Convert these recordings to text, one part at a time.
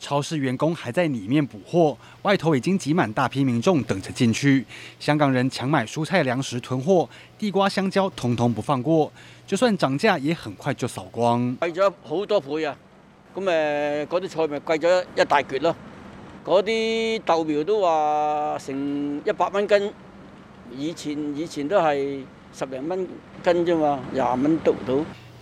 超市員工還在裏面補貨，外頭已經擠滿大批民眾等着進去。香港人搶買蔬菜、糧食囤貨，地瓜、香蕉通通不放過，就算漲價也很快就掃光。貴咗好多倍啊！咁誒，嗰啲菜咪貴咗一大橛咯。嗰啲豆苗都話成一百蚊斤，以前以前都係十零蚊斤啫嘛，廿蚊度到。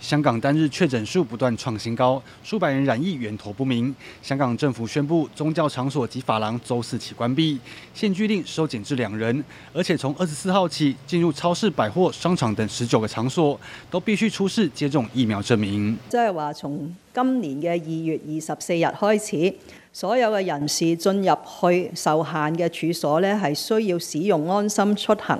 香港單日確診數不斷創新高，數百人染疫源頭不明。香港政府宣布宗教場所及法廊周四起關閉，限聚令收緊至兩人，而且從二十四號起進入超市、百貨、商場等十九個場所都必須出示接種疫苗證明。即係話從今年嘅二月二十四日開始，所有嘅人士進入去受限嘅處所呢係需要使用安心出行。